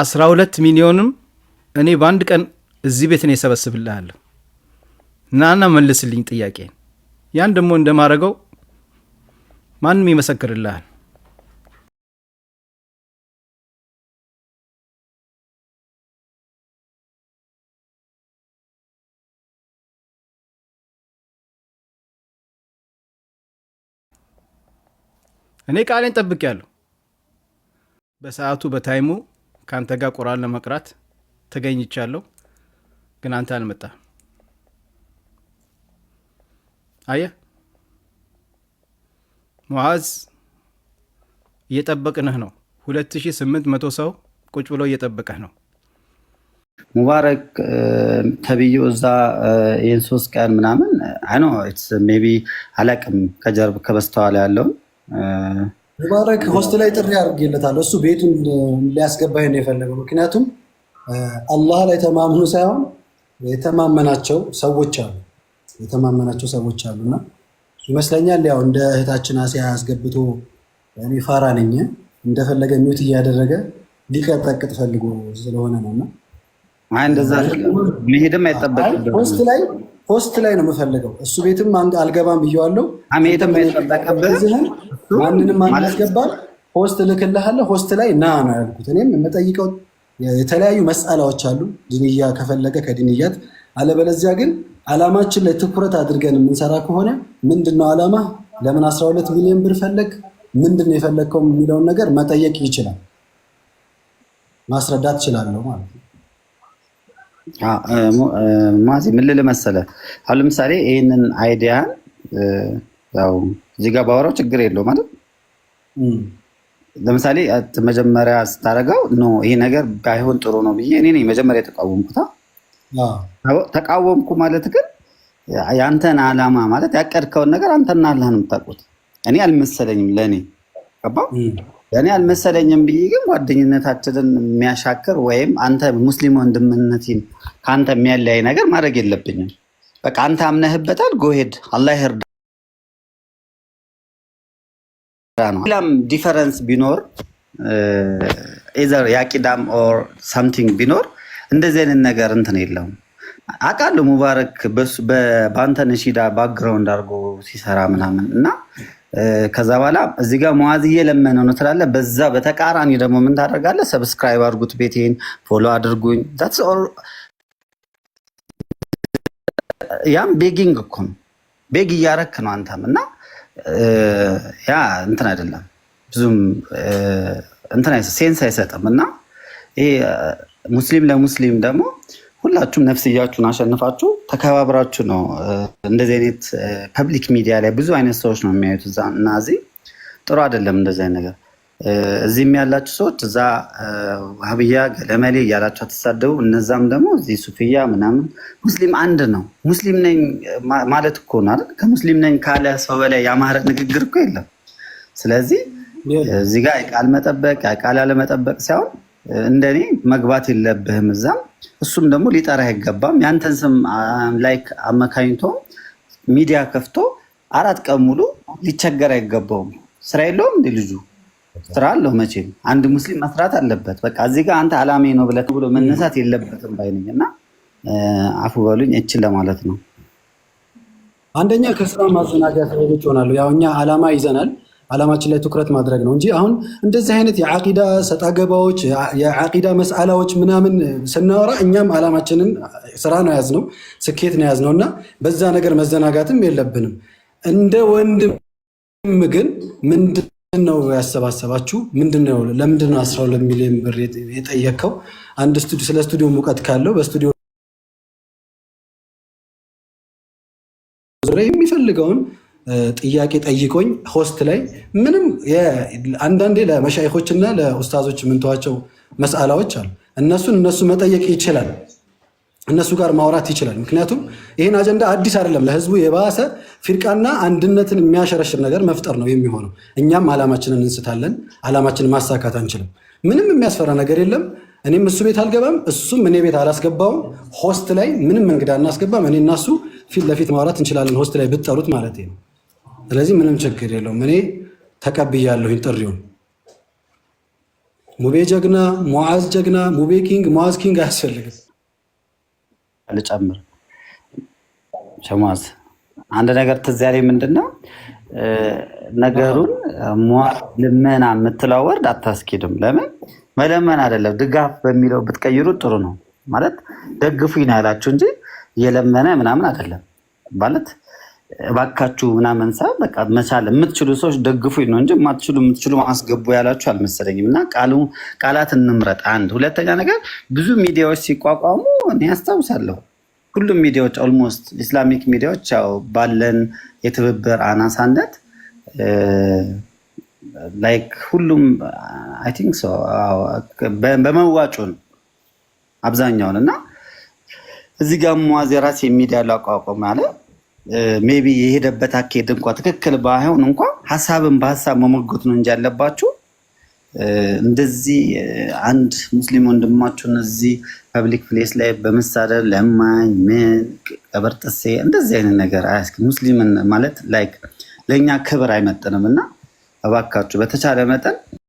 አስራ ሁለት ሚሊዮንም እኔ በአንድ ቀን እዚህ ቤት ነው የሰበስብልሃለሁ። ናና መልስልኝ ጥያቄን። ያን ደግሞ እንደማረገው ማንም ይመሰክርልሃል። እኔ ቃሌን ጠብቅ ያለሁ? በሰዓቱ በታይሙ ከአንተ ጋር ቁርአን ለመቅራት ተገኝቻለሁ፣ ግን አንተ አልመጣም። አየ ሙዓዝ እየጠበቅንህ ነው። 2800 ሰው ቁጭ ብሎ እየጠበቀህ ነው። ሙባረክ ተብዩ እዛ ይህን ሶስት ቀን ምናምን አይ ኖ ቢ አላቅም ከጀርብ ከበስተኋላ ያለውን ሙባረክ ሆስት ላይ ጥሪ አድርጌለታለሁ። እሱ ቤቱን ሊያስገባ ነው የፈለገው። ምክንያቱም አላህ ላይ ተማምኑ ሳይሆን የተማመናቸው ሰዎች አሉ የተማመናቸው ሰዎች አሉና ይመስለኛል ያው እንደ እህታችን አሲያ አስገብቶ እኔ ፋራ ነኝ እንደፈለገ ሚውት እያደረገ ሊቀጠቅጥ ፈልጎ ስለሆነ ነው። እና እንደዛ መሄድም አይጠበቅም። ሆስት ላይ ፖስት ላይ ነው የምፈልገው። እሱ ቤትም አልገባም ብየዋለሁ። መሄድም አይጠበቅብህም። ማንንም አናስገባም። ሆስት እልክልሃለሁ ሆስት ላይ ና ነው ያልኩት። እኔም የምጠይቀው የተለያዩ መስአላዎች አሉ። ድንያ ከፈለገ ከድንያት አለበለዚያ ግን አላማችን ላይ ትኩረት አድርገን የምንሰራ ከሆነ ምንድነው አላማ፣ ለምን 12 ሚሊዮን ብር ፈለግ፣ ምንድነው የፈለግከው የሚለውን ነገር መጠየቅ ይችላል። ማስረዳት እችላለሁ ማለት ነው። ማዚ ምን ልል መሰለህ፣ አሁን ለምሳሌ ይህንን አይዲያ ያው እዚህ ጋር ባወራው ችግር የለው ማለት ለምሳሌ መጀመሪያ ስታደርገው ኖ ይሄ ነገር ባይሆን ጥሩ ነው ብዬ እኔ መጀመሪያ የተቃወምኩታ ተቃወምኩ ማለት ግን የአንተን አላማ ማለት ያቀድከውን ነገር አንተና አላህን የምታውቁት እኔ አልመሰለኝም። ለእኔ ገባ ለእኔ አልመሰለኝም ብዬ ግን ጓደኝነታችንን የሚያሻክር ወይም አንተ ሙስሊም ወንድምነትን ከአንተ የሚያለያይ ነገር ማድረግ የለብኝም። በቃ አንተ አምነህበታል፣ ጎሄድ አላህ ይርዳ። ሌላም ዲፈረንስ ቢኖር ኤዘር የአቂዳም ኦር ሳምቲንግ ቢኖር እንደዚህ አይነት ነገር እንትን የለውም። አውቃለሁ ሙባረክ በአንተ ነሺዳ ባክግራውንድ አድርጎ ሲሰራ ምናምን እና uh, ከዛ በኋላ እዚህ ጋር መዋዝ እየለመነው ነው ትላለ። በዛ በተቃራኒ ደግሞ ምን ታደርጋለ? ሰብስክራይብ አድርጉት፣ ቤቴን ፎሎ አድርጉኝ። ያም ቤጊንግ እኮ ነው። ቤግ እያረክ ነው አንተም እና ያ እንትን አይደለም ብዙም እንትን ሴንስ አይሰጥም። እና ይሄ ሙስሊም ለሙስሊም ደግሞ ሁላችሁም ነፍስያችሁን አሸንፋችሁ ተከባብራችሁ ነው። እንደዚህ አይነት ፐብሊክ ሚዲያ ላይ ብዙ አይነት ሰዎች ነው የሚያዩት እና እዚህ ጥሩ አይደለም እንደዚህ አይነት ነገር እዚህም ያላችሁ ሰዎች እዛ ሀብያ ገለመሌ እያላችሁ አትሳደቡ። እነዛም ደግሞ እዚህ ሱፍያ ምናምን ሙስሊም አንድ ነው። ሙስሊም ነኝ ማለት እኮ ነው። ከሙስሊም ነኝ ካለ ሰው በላይ ያማረ ንግግር እኮ የለም። ስለዚህ እዚህ ጋር የቃል መጠበቅ የቃል ያለመጠበቅ ሳይሆን እንደኔ መግባት የለብህም እዛም። እሱም ደግሞ ሊጠራ አይገባም። ያንተን ስም ላይክ አመካኝቶ ሚዲያ ከፍቶ አራት ቀን ሙሉ ሊቸገር አይገባውም። ስራ የለውም ልጁ ስራ አለው መቼም አንድ ሙስሊም መስራት አለበት። በቃ እዚህ ጋር አንተ አላሜ ነው ብለህ ብሎ መነሳት የለበትም ባይነኝ እና አፉ በሉኝ እችን ለማለት ነው። አንደኛ ከስራ ማዘናጋት ሰዎች ሆናሉ። ያው እኛ አላማ ይዘናል። አላማችን ላይ ትኩረት ማድረግ ነው እንጂ አሁን እንደዚህ አይነት የዓቂዳ ሰጣገባዎች የአቂዳ መስአላዎች ምናምን ስናወራ እኛም አላማችንን ስራ ነው ያዝነው፣ ስኬት ነው ያዝነው እና በዛ ነገር መዘናጋትም የለብንም እንደ ወንድም ግን ምንድን ነው ያሰባሰባችሁ? ምንድን ነው ለምንድን ነው አስራ ሁለት ሚሊዮን ብር የጠየከው አንድ ስቱዲዮ ስለ ስቱዲዮ ሙቀት ካለው በስቱዲዮ ዙሪያ የሚፈልገውን ጥያቄ ጠይቆኝ ሆስት ላይ ምንም አንዳንዴ ለመሻይኮች እና ለኡስታዞች የምንተዋቸው መስአላዎች አሉ። እነሱን እነሱ መጠየቅ ይችላል። እነሱ ጋር ማውራት ይችላል። ምክንያቱም ይህን አጀንዳ አዲስ አይደለም። ለህዝቡ የባሰ ፊርቃና አንድነትን የሚያሸረሽር ነገር መፍጠር ነው የሚሆነው። እኛም አላማችንን እንስታለን። አላማችንን ማሳካት አንችልም። ምንም የሚያስፈራ ነገር የለም። እኔም እሱ ቤት አልገባም፣ እሱም እኔ ቤት አላስገባውም። ሆስት ላይ ምንም እንግዳ እናስገባም። እኔ እናሱ ፊት ለፊት ማውራት እንችላለን፣ ሆስት ላይ ብትጠሩት ማለት ነው። ስለዚህ ምንም ችግር የለውም። እኔ ተቀብያለሁኝ ጥሪውን። ሙቤ ጀግና፣ ሙዓዝ ጀግና፣ ሙቤ ኪንግ፣ ሙዓዝ ኪንግ አያስፈልግም። ልጨምር። ሸሟዝ አንድ ነገር ትዝ ያለኝ ምንድን ነው ነገሩን ልመና የምትለው ወርድ አታስኬድም። ለምን መለመን አይደለም ድጋፍ በሚለው ብትቀይሩ ጥሩ ነው። ማለት ደግፉኝ ነው ያላችሁ እንጂ የለመነ ምናምን አይደለም ማለት እባካችሁ ምናምን ሳይሆን በቃ መቻል የምትችሉ ሰዎች ደግፉ ነው እንጂ የማትችሉ የምትችሉ አስገቡ ያላችሁ አልመሰለኝም። እና ቃላት እንምረጥ። አንድ ሁለተኛ ነገር ብዙ ሚዲያዎች ሲቋቋሙ እኔ ያስታውሳለሁ። ሁሉም ሚዲያዎች ኦልሞስት ኢስላሚክ ሚዲያዎች ያው ባለን የትብብር አናሳነት ላይክ ሁሉም አይ ቲንክ ሶ ነው አብዛኛውን እና እዚህ ጋር ሙዋዝ የራሴ ሚዲያ ላቋቁም አለ ሜቢ የሄደበት አካሄድ እንኳ ትክክል ባይሆን እንኳ ሀሳብን በሀሳብ መሞገት ነው እንጂ ያለባችሁ እንደዚህ አንድ ሙስሊም ወንድማችሁን እዚህ ፐብሊክ ፕሌስ ላይ በመሳደር ለማኝ ምን ቀበርጥሴ እንደዚህ አይነት ነገር አያስ ሙስሊምን ማለት ላይክ ለእኛ ክብር አይመጥንም እና እባካችሁ በተቻለ መጠን